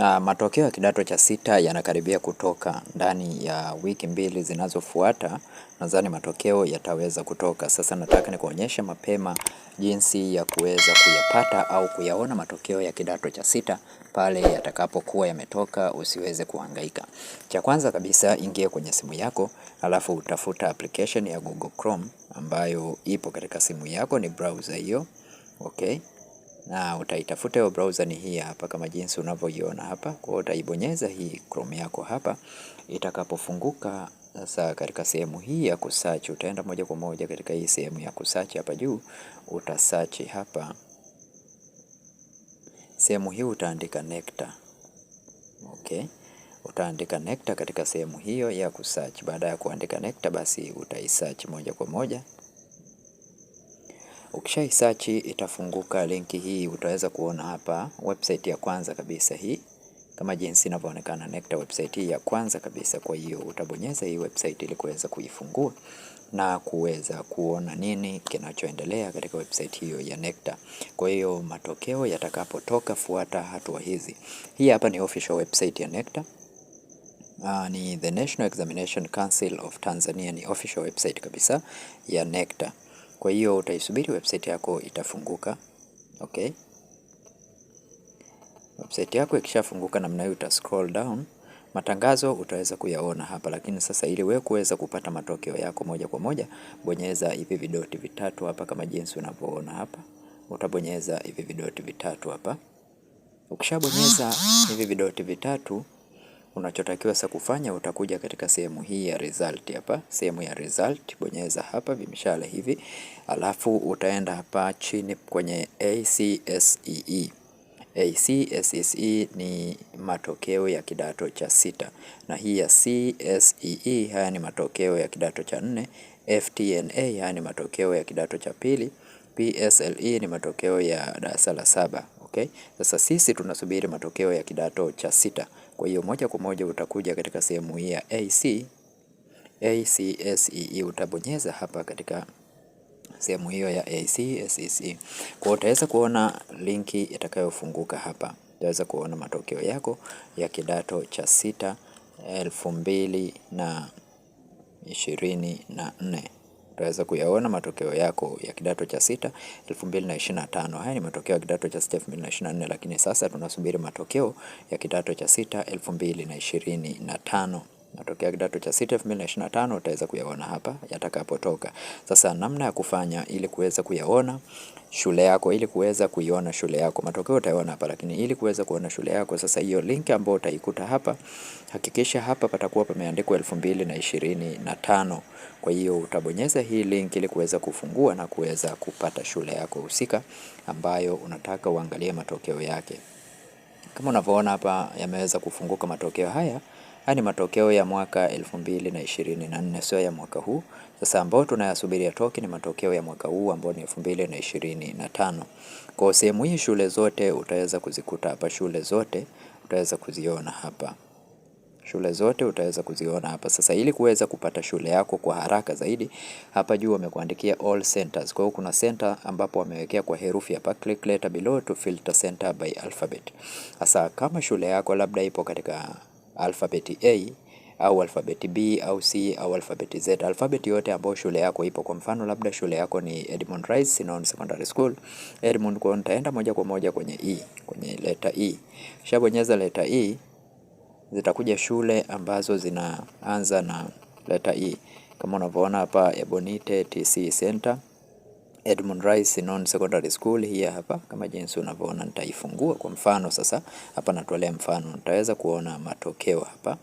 Uh, matokeo ya kidato cha sita yanakaribia kutoka ndani ya wiki mbili zinazofuata, nadhani matokeo yataweza kutoka. Sasa nataka nikuonyeshe mapema jinsi ya kuweza kuyapata au kuyaona matokeo ya kidato cha sita pale yatakapokuwa yametoka, usiweze kuhangaika. Cha kwanza kabisa, ingie kwenye simu yako, alafu utafuta application ya Google Chrome ambayo ipo katika simu yako, ni browser hiyo, okay na utaitafuta hiyo browser ni hii hapa kama jinsi unavyoiona hapa. Kwa hiyo utaibonyeza hii Chrome yako hapa, itakapofunguka sasa katika sehemu hii ya kusearch utaenda moja kwa moja katika hii sehemu ya kusearch hapa juu, utasearch hapa sehemu hii utaandika Nectar. Okay, utaandika Nectar katika sehemu hiyo ya kusearch. Baada ya kuandika Nectar, basi utaisearch moja kwa moja search itafunguka linki hii, utaweza kuona hapa website ya kwanza kabisa hii kama jinsi inavyoonekana NECTA website hii ya kwanza kabisa. Kwa hiyo utabonyeza hii website ili kuweza kuifungua na kuweza kuona nini kinachoendelea katika website hiyo ya NECTA. Kwa hiyo matokeo yatakapotoka, fuata hatua hizi. Hii hapa ni official website ya NECTA. Uh, ah, ni the National Examination Council of Tanzania, ni official website kabisa ya NECTA. Kwa hiyo utaisubiri website yako itafunguka. Okay, website yako ikishafunguka namna hiyo, uta scroll down matangazo utaweza kuyaona hapa, lakini sasa ili wewe kuweza kupata matokeo yako moja kwa moja, bonyeza hivi vidoti vitatu hapa, kama jinsi unavyoona hapa. Utabonyeza hivi vidoti vitatu hapa. Ukishabonyeza hivi vidoti vitatu Unachotakiwa sasa kufanya utakuja katika sehemu hii ya result hapa, sehemu ya result bonyeza hapa vimshale hivi, alafu utaenda hapa chini kwenye ACSEE. ACSEE e ni matokeo ya kidato cha sita na hii ya CSEE e, haya ni matokeo ya kidato cha nne. FTNA haya ni matokeo ya kidato cha pili. PSLE ni matokeo ya darasa la saba. Okay, sasa sisi tunasubiri matokeo ya kidato cha sita. Kwa hiyo moja kwa moja utakuja katika sehemu hii ya AC ACSEE e. utabonyeza hapa katika sehemu hiyo ya ACSEE. E. Kwa utaweza kuona linki itakayofunguka hapa, utaweza kuona matokeo yako ya kidato cha sita elfu mbili na ishirini na nne utaweza kuyaona matokeo yako ya kidato cha sita 2025. Haya ni matokeo ya kidato cha sita 2024, lakini sasa tunasubiri matokeo ya kidato cha sita 2025 matokeo ya kidato cha sita 2025 utaweza kuyaona hapa yatakapotoka. Sasa namna ya kufanya ili kuweza kuyaona shule yako, ili kuweza kuiona shule yako, matokeo utayaona hapa, lakini ili kuweza kuona shule yako, sasa hiyo link ambayo utaikuta hapa, hakikisha hapa patakuwa pameandikwa 2025. Kwa hiyo utabonyeza hii link ili kuweza kufungua na kuweza kupata shule yako husika ambayo unataka uangalie matokeo yake. Kama unavyoona hapa, yameweza kufunguka matokeo haya. Haya ni matokeo ya mwaka 2024, sio ya mwaka huu. Sasa ambao tunayasubiri yatoke ni matokeo ya mwaka huu ambao ni 2025. Kwa sehemu hii shule zote utaweza kuzikuta hapa, shule zote utaweza kuziona hapa shule zote utaweza kuziona hapa. Sasa ili kuweza kupata shule yako kwa haraka zaidi, hapa juu wamekuandikia all centers. Kwa hiyo kuna center ambapo wamewekea kwa herufi hapa, click letter below to filter center by alphabet. Sasa kama shule yako labda ipo katika alfabeti A au alfabeti B au C au alfabeti Z, alfabeti yote ambayo shule yako ipo. Kwa mfano, labda shule yako ni Edmund Rice Sinon Secondary School Edmund, kwa nitaenda moja kwa moja kwenye E, kwenye leta E. Shabonyeza leta E, zitakuja shule ambazo zinaanza na leta E kama unavyoona hapa, Ebonite TC Center Edmund Rice Non Secondary School hii hapa, kama jinsi unavyoona nitaifungua kwa mfano. Sasa hapa natolea mfano, nitaweza kuona matokeo hapa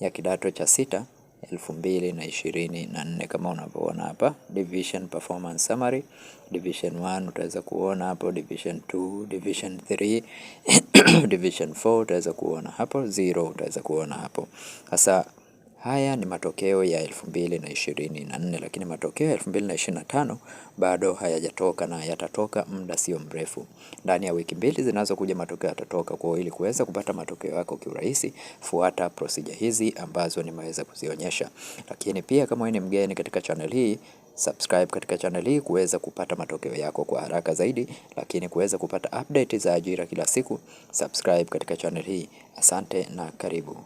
ya kidato cha sita elfu mbili na ishirini na nne kama unavyoona hapa, division performance summary, division 1 utaweza kuona hapo, division 2, division 3 division 4 utaweza kuona hapo, zero utaweza kuona hapo sasa Haya ni matokeo ya 2024 lakini matokeo ya 2025 bado hayajatoka na yatatoka muda sio mrefu. Ndani ya wiki mbili zinazokuja matokeo yatatoka. Kwa hiyo ili kuweza kupata matokeo yako kiurahisi, fuata procedure hizi ambazo nimeweza kuzionyesha. Lakini pia kama wewe ni mgeni katika channel hii, subscribe katika channel hii kuweza kupata matokeo yako kwa haraka zaidi, lakini kuweza kupata update za ajira kila siku, subscribe katika channel hii. Asante na karibu.